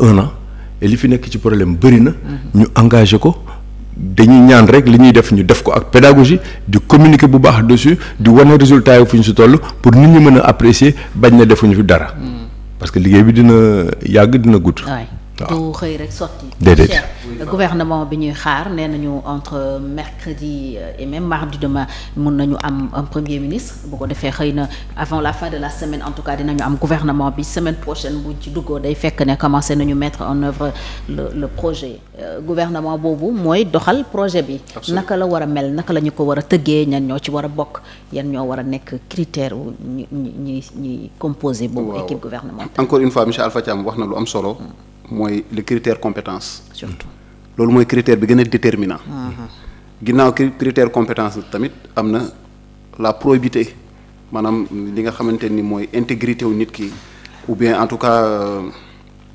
un an li fi nekk ci problème bëri na. ñu engagé ko dañuy ñaan rek li ñuy def ñu def ko ak pédagogie di communiquer bu baax dessus di wane résultat yi fu ñu si toll pour nit ñi mën a apprécier bañ na defuñu fi dara. Mm. parce que liggéey bi dina yàgg dina gudd. waaw du xëy rek sotti. déedéet. gouvernement bi ñuy xaar nee nañu entre mercredi euh, et même mardi demain na ñu am un premier ministre bu ko defee xëy na avant la fin de la semaine en tout cas dinañu am gouvernement bi semaine prochaine buñ ci duggoo day fekk ne commencé nañu mettre en œuvre le le projet euh, gouvernement boobu mooy doxal projet bi naka la war a mel naka la ñu ko war a tëggee ñan ñoo ci war a bokk yan ñoo war a nekk critère wu ñu ñi ñuy composé boobu équipe gouvernementale encore une fois monsieur Alpha Thiam wax na lu solo mm. mooy le compétence loolu mooy critère bi gën a déterminant. Mm-hmm. ginnaaw critère compétence tamit am na la probité maanaam li nga xamante ni mooy intégrité wu nit ki ou bien en tout cas euh,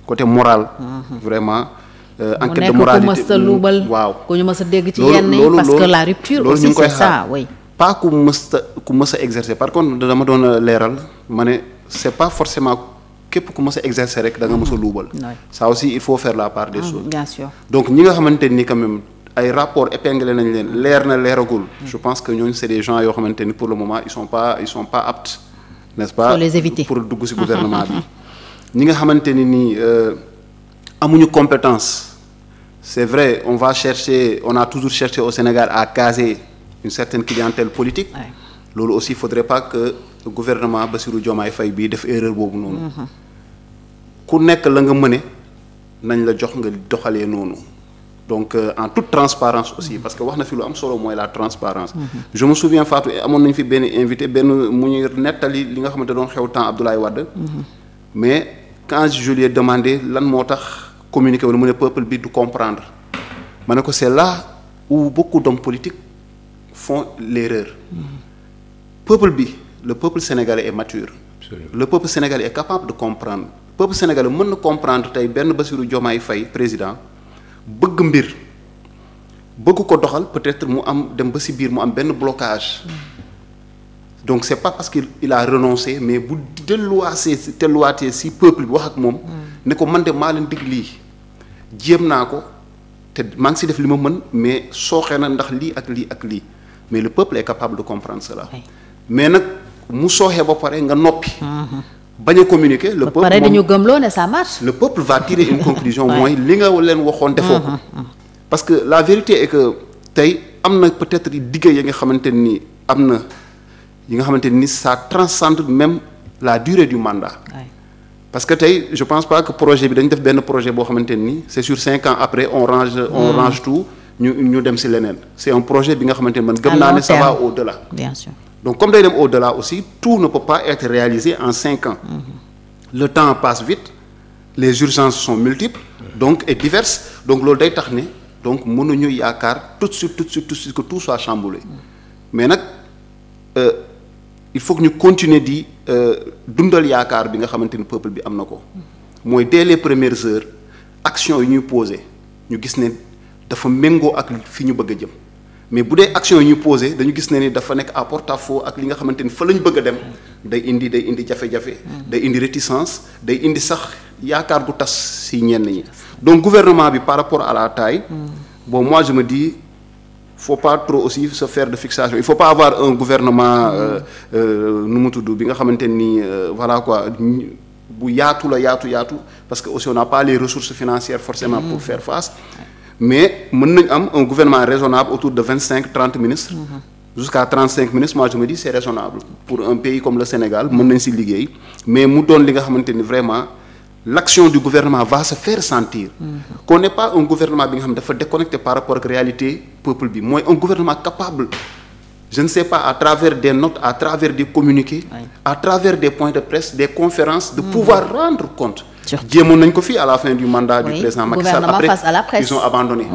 côté moral. Mm-hmm. vraiment. Euh, enquête de moralité mm, waaw ku ñu mës a dégg ci yenn yi parce que la rupture loolu ñu ngi koy xaar pas ku mës a ku mës a exercer par contre dama doon leeral ma ne c'est pas forcément. képp ku mës a rek da nga a mhm. luubal. ça aussi il faut faire la part des ah, choses. bien sûr donc ñi nga xamante ni quand ay rapport épinglé nañ leen leer na leeragul. Mm. je pense que ñooñu c'est des gens yoo xamante ni pour le moment ils sont pas ils sont pas aptes. n'est-ce pas pour les dugg ci gouvernement bi. ñi nga xamante ni nii euh, amuñu compétence. c'est vrai on va chercher on a toujours cherché au Sénégal à caser une certaine clientèle politique. loolu aussi faudrait ba Bassirou Diomaye fay bii def erreur boobu noonu. Mhm. ku nekk la nga mëne nañ la jox nga doxalee noonu. donc euh, en tout transparence aussi mhm. parce que wax na fi lu am solo mooy la transparence mhm. je me souviens Fatou amoon nañu fi benn invité benn mu ñuy nettali li nga xamante doon xew temps Abdoulaye Wade mais quinze je lui demandé lan moo tax communiqué wala mu ne peuple bi du comprendre ma ne ko c'est là où beaucoup d'hommes politiques font l'erreur mm le peuple sénégalais et mature. le peuple sénégalais est capable de comprendre le peuple sénégalais mën na comprendre tey benn ba Bassirou Diomaye Faye président bëgg mbir bëgg ko doxal peut-être mu am dem ba si biir mu am benn blocage donc c'est pas parce qu'il il a renoncé mais bu delluwaasee telluwaatee si peuple bi wax ak moom ne ko man de maa leen dig lii jéem naa ko te maa ngi si def li ma mën mais sooxee na ndax lii ak lii ak lii mais le peuple est capable de comprendre cela mais mu sooxee ba pare nga noppi. Mhm. bañ a communiquer le peuple pare dañu gëmloo ne ça marche. le peuple va tirer une conclusion. mooy li nga leen waxoon defoo ko. Mhm, mhm. parce que la vérité est que tey am na peut-être diggé yi nga xamante ni am na yi nga xamante ni ça transcende même la durée du mandat. parce que tey je pense pas que projet bi dañ def benn projet boo xamante ni c'est sur cinq ans après on range. on range tout ñu dem ci leneen. c'est un projet bi nga xamante ni man gëm naa ne ça donc comme day dem au delà aussi tout ne peut pas être réalisé en cinq ans mm-hmm. le temps passe vite les urgences son multiples donc et diverses donc loolu day tax ne donc mënuñu yaakaar tout de suite tout de suite tout de suite que tout soit chamboulé mm-hmm. mais nag euh, il faut ñu continuer di euh, dundal yaakaar bi nga xamante ni peuple bi am na ko mm-hmm. mooy dès les premières heures action yi ñuy posé ñu gis ne dafa méngoo ak fi ñu bëgg a jëm mais bu dee action yi ñu posé dañu gis ne ni dafa nekk à porte foo ak li nga xamante ni fa la ñu bëgg a dem day indi day indi jafe-jafe day indi réticence day indi sax yaakaar gu tas si ñenn ñi donc gouvernement bi par rapport à la taille mm. bon moi je me dis faut pas trop aussi se faire de fixation il faut pas avoir un gouvernement mm. euh, euh, nu mu tudd bi nga xamante ni euh, voilà quoi bu yaatu la yaatu yaatu parce que aussi on n'a pas les ressources financières forcément mm. pour faire face mais mën nañ am un gouvernement raisonnable autour de vingt cinq trente ministres. jusqu'à trente cinq ministres moi je c'est raisonnable pour un pays comme le Sénégal mën nañ si liggéey mais mu doon li nga xamante ni vraiment l'action du gouvernement va se faire sentir. qu'on pas un gouvernement bi nga xam dafa déconnecté par rapport ak réalité peuple bi mooy un gouvernement capable. je ne sais pas à travers des notes à travers des communiqués. à travers des points de presse des conférences. de pouvoir mhm. rendre compte. jéemoon nañ ko fii à la fin du mandat du président Macky Sall après ils ont abandonné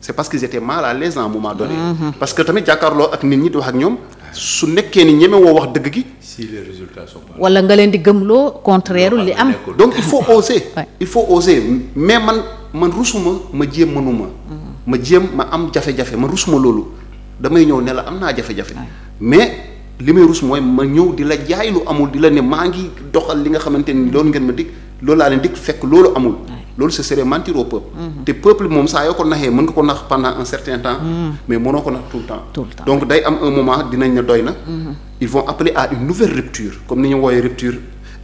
c'est parce qu'ils étaient mal à l'aise à un moment donné mm-hmm. parce que tamit jàkkaarloo ak nit ñi di wax ak ñoom su nekkee ni ñeme woo wax dëgg gi si les résultats sont pas wala nga leen di gëmloo contraire li am donc il faut oser il faut oser mais man man rusuma ma jéem mënuma mm-hmm. ma jéem ma am jafe-jafe ma rusuma loolu damay ñëw ne la am naa jafe-jafe mais li may rus mooy ma ñëw di la jaay lu amul di la ne maa ngi doxal li nga xamante ni loolu ngeen ma dig loolu laa leen dikk fekk loolu amul. loolu ce serait mentir peuple. Mm-hmm. te peuple moom saa yoo ko naxee mën nga ko nax pendant un certain temps. Mm-hmm. mais mënoo ko nax tout le temps. tout le temps donc day am un moment dinañ ne doy na. Mm-hmm. ils vont appeler à une nouvelle rupture comme ni ñu wooyee rupture.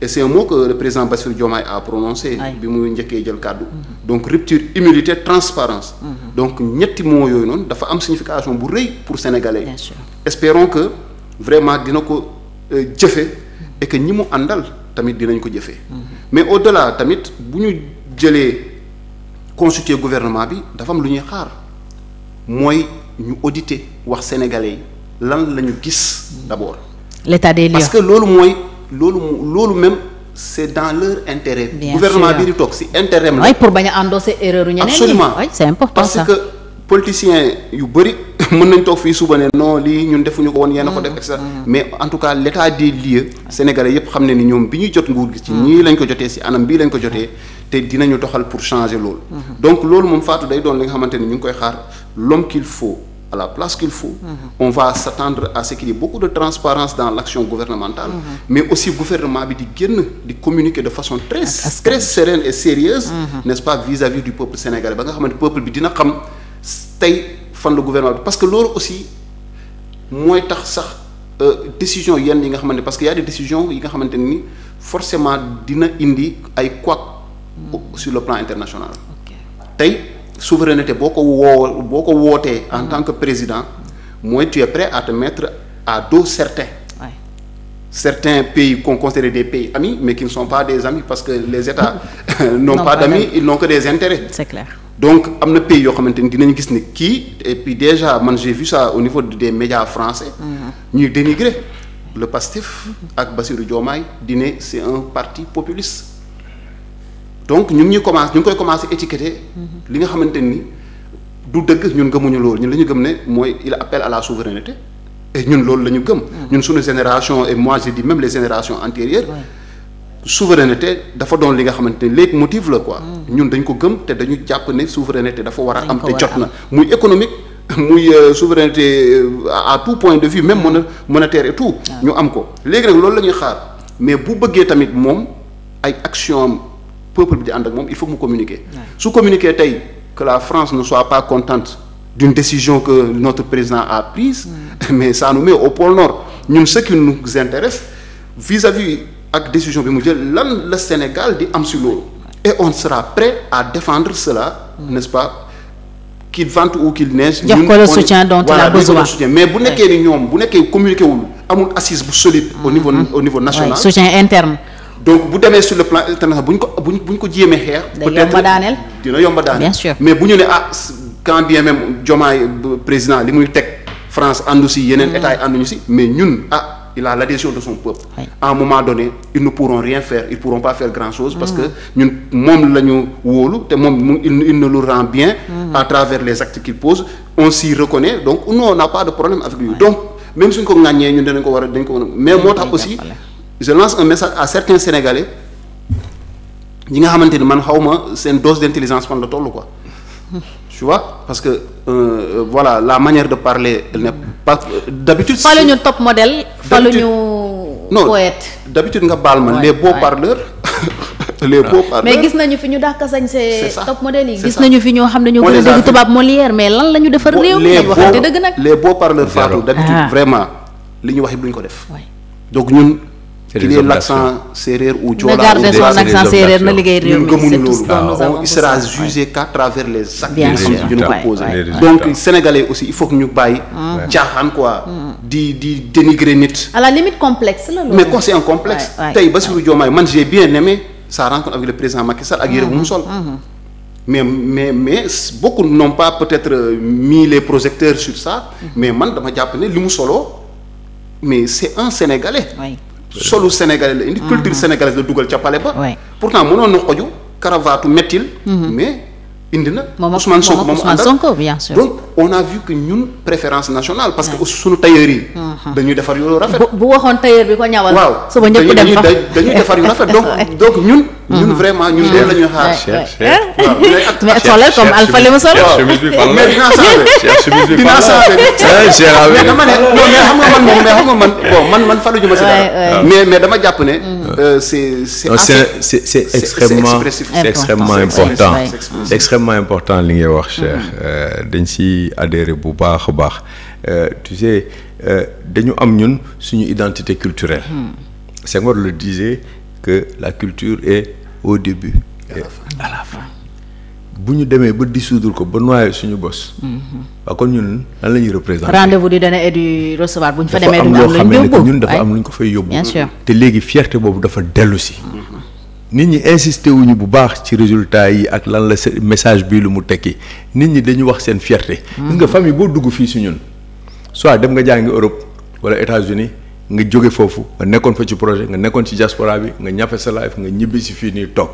et c'est un mot que le président Bassirou Diomaye a prononcé. bi mu njëkkee jël kàddu. donc rupture humilité transparence donc ñetti mots yooyu noonu dafa am signification bu rëy pour sénégalais. bien sûr espérons vraiment dina ko euh, jëfe et ñi mu àndal. tamit dinañ ko jëfee. Mm-hmm. mais au delà tamit bu ñu jëlee constituer gouvernement bi dafa am lu ñuy xaar mooy ñu auditer wax sénégalais yi lan lañu ñu gis mm-hmm. d'abord. l'état des lieux parce que loolu mooy loolu loolu même. c'est dans leur intérêt. Bien gouvernement bi di toog si intérêt am la. pour bañ a endosser erreur ñeneen ñi. absolument parce que. politiciens yu bëri mën nañ toog fii suba ne non lii ñun defuñu ko woon yéen ko mm-hmm. def etc mm-hmm. mais en tout cas l' état des lieux yépp xam ne ni ñoom bi ñu jot nguur gi ci ñii mm-hmm. lañ ko jotee si anam bii lañ ko jotee te dinañu doxal pour changer loolu donc loolu moom Fatou day doon li nga xamante ni ñu ngi koy xaar l'homme qu'il faut à la place qu'il faut on va s'attendre à ce qu'il y ait beaucoup de transparence dans l'action gouvernementale bi di génn di communiquer de façon très très sereine nga xamante peuple bi dina xam tey fan la gouvernement parce que loolu aussi mooy tax sax euh, décision yenn yi nga xamante parce que y a des décisions yi nga xamante ni forcément dina indi ay couac sur le plan international tey souveraineté boo ko woo boo ko wootee en mm-hmm. tant que président mooy tu es prêt à te mettre à dos certains certains pays qu'on considère des pays amis mais qui ne sont pas des amis parce que les États n'ont pas d'amis ils n'ont que des intérêts c'est donc am na pays yoo xamante ni dinañ gis ni kii et puis déjà man j'ai vu ça au niveau des médias français. Mm-hmm. ñuy dénigrer le Pastef. ak Bassirou Diomaye di ne c'est un parti populiste. donc ñu ngi ñuy commencé ñu ngi koy commencé étiqueter. Mm-hmm. li nga xamante ni du dëgg ñun gëmuñu loolu ñun la ñu gëm ne mooy il appel à la souveraineté. et ñun loolu la ñu gëm. Mm-hmm. ñun suñu génération et mois je dis même les génération antérieures. Ouais. souveraineté dafa doon li nga xamante ne léegi motif la ko mm. ñun dañ ko gëm te dañu jàpp ne souveraineté dafa war a am te jot na muy économique muy euh, souveraineté euh, à tout point de vue même mën mm. monétaire et tout. Ah. ñu am ko léegi nag loolu la ñuy xaar mais bu bëggee tamit moom ay action am peuple bi di ànd ak moom il faut mu communiquer. su communiquer tey que la France ne soit pas contente d'une décision que notre président a prise. Mm. mais ça nous met au pôle nord ñun ak décision bi mu jël lan la Sénégal di am si loolu et on sera prêt à défendre cela nest pas qu'il vente ou soutien dont mais bu nekkee ni ñoom bu nekkee communiqué wul amul assise bu solide au niveau mm-hmm. au niveau national soutien interne donc bu demee sur le plan international bu ko buñ bu ñu ko jéemee xeex peut-être dina yomba daaneel mais bu ñu ne ah quand bien même Diomaye président li muy teg France àndu si yeneen mm-hmm. état yi ànduñu si mais ñun ah il a l'adhésion de son peuple à un moment donné ils ne pourront rien faire ils pourront pas faire grand chose parce que moom la wóolu te moom il ne le rend bien mhm. à travers les actes qu'il pose on s'y reconnaît donc nous on n'a pas de problème avec lui donc même suñ ko ŋàññee ñun danañ ko war a dañ ko mais moo tax aussi je lance un message à certains Sénégalais ñi nga xamante ni man xawma seen dose d'intelligence la toll quoi parce que euh, voilà parce que euh, d'habitude. falu ñu top modèle. falu ñu poète d'habitude nga baal ma les beaux parleurs. les beaux parleurs mais gis nañu fi ñu dàq sañ see. top modèle yi gis nañu fi ñoo xam ne ñoo gën a dégg tubaab Molière mais lan la ñu defar réew mi. nañ waxante dëgg nag les beaux parleurs Fatou d'habitude ah. vraiment li ñu wax lu duñ ko def. donc ñun. qu'il ait l'accent séeréer ou joola na liggéey réew mi gëmuñu loolu on il sera jugé qu'à travers les actes yu ñu ko aussi il faut que ñu bàyyi caaxaan quoi di di dénigrer nit à complexe la loolu mais quoi c'est un complexe tey Bassirou Diomaye man j'ai bien aimé sa rencontre avec le président Macky Sall ak yére mu sol mais mais mais beaucoup n'ont pas peut-être euh, mis les projecteurs sur ça mais man dama jàpp ne li mu solo mais c'est un sénégalais solu sénégalais la indi mhm. culture sénégalaise la dugal ca palais ba pourtant mënoon na xoju karavaatu mettil mhm. mais indi na Ousmane Sonko moom àndal on a vu que ñun préférence nationale. parce que suñu tailleur yi. dañuy defar yu rafet. bu waxoon tailleur bi ko ñawal. waaw suba ñëpp dañuy defar yu rafet donc donc ñun. ñun vraiment ñun loolu la ñuy xaar. cher cher waaw dama ne non xam nga man moom mais xam nga man man man faluñu ma si dara. mais mais dama jàpp ne. c'est c'est c'est c'est extrêmement c'est extrêmement important c'est extrêmement important li ngay wax cher dañ si. ciy adhéré bu baax a baax euh, tu sais euh, dañu am ñun suñu identité culturelle. Hmm. Senghor le disait que la culture est au début bu ñu demee ba dissoudre ko ba noyé suñu bos. Hmm. waaw kon ñun lan la représenter. rendez am lu ñu yóbbu ñun dafa am lu ko fay yóbbu. te léegi fierté boobu dafa dellu hmm. nit ñi insisté wuñu bu baax ci résultat yi ak lan la message bii lu mu tekki nit ñi dañu wax seen fierté. gis nga mm-hmm. famille boo dugg fii su ñun soit dem nga jàngi Europe wala États-Unis nga jóge foofu nga nekkoon fa ci projet nga nekkoon ci diaspora bi nga ñàppe sa life nga ñibbi si fii nii toog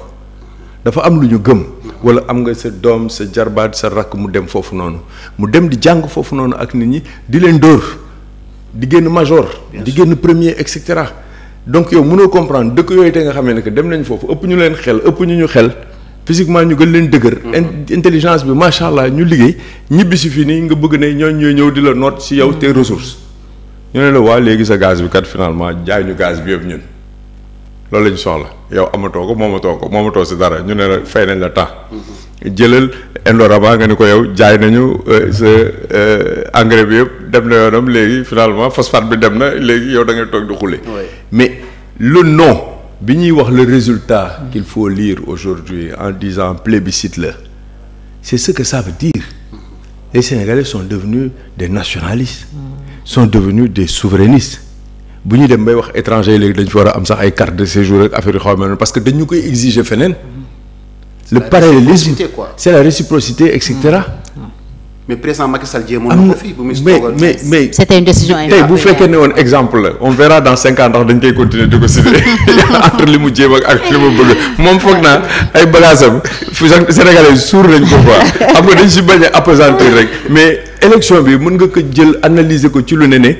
dafa am lu ñu gëm wala am nga sa doom sa jarbaat sa rakk mu dem foofu noonu mu dem di jàng foofu noonu ak nit ñi di leen dóor di génn major di génn premier et cetera. donc yow mënoo comprendre dëkk yooyu te nga xamee ne que dem nañ foofu ëpp ñu leen xel ëpp ñu ñu xel physiquement ñu gën leen dëgër. Mm-hmm. intelligence bi macha allah ñu liggéey ñibbi si fii nii nga bëgg ne ñooñ ñooy ñëw di la noot si yow te mm-hmm. ressource ñu ne la waa léegi sa gaz bi kat finalement jaay ñu gaz bi yëpp ñun loolu la ñu soxla yow amatoo ko moomatoo ko moomatoo si dara ñu ne la fay nañ la temps mm-hmm. jëlal Indorama nga ni ko yow jaay nañu euh, sa euh, engrais bi yëpp dem na yoonam léegi finalement phosphate bi dem na léegi yow da ngay toog di xule mais le nom bi ñuy wax le résultat qu'il faut liir aujourd'hui en disant plébiscite la c'est ce que ça veut dire les Sénégalais sont devenus des nationalistes sont devenus des souverainistes bu ñuy dem bay wax étranger léegi dañ fi war a am sax ay carte de séjour ak xaw ma parce que dañu koy exiger feneen le parallélisme c'est la réciprocité et mm. Mm. mais président Macky Sall jéemoon ah, na ko fii bu mais mais mais c'était une décision bu fekkee ne woon exemple la on verra dans cinq ndax dañ koy continuer di ko citer entre li mu jéem ak ak li mu bëgg moom foog naa ay bagaasam fu Sénégalais suur nañ ko quoi xam nga dañ si bañ a rek mais élection bi mën nga ko jël analyser ko ci lu ne ne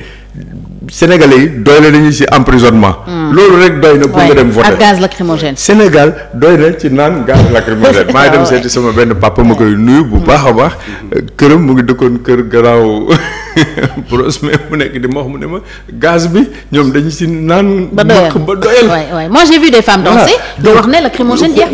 Sénégalais yi doy na nañu ci emprisonnement. Hmm. loolu rek doy na pour nga dem voter ak gaz lacrymogène. Sénégal doy na ci naan gaz lacrymogène. maa ngi dem seeti sama benn papa ma koy nuyu bu baax a baax. këram mu ngi dëkkoon kër garaaw Brosse mais mu nekk di ma wax mu ne ma gaz bi ñoom dañu ci naan. ba doyal ba doyal. waay waay moi j'ai vu des femmes wax ne lacrymogène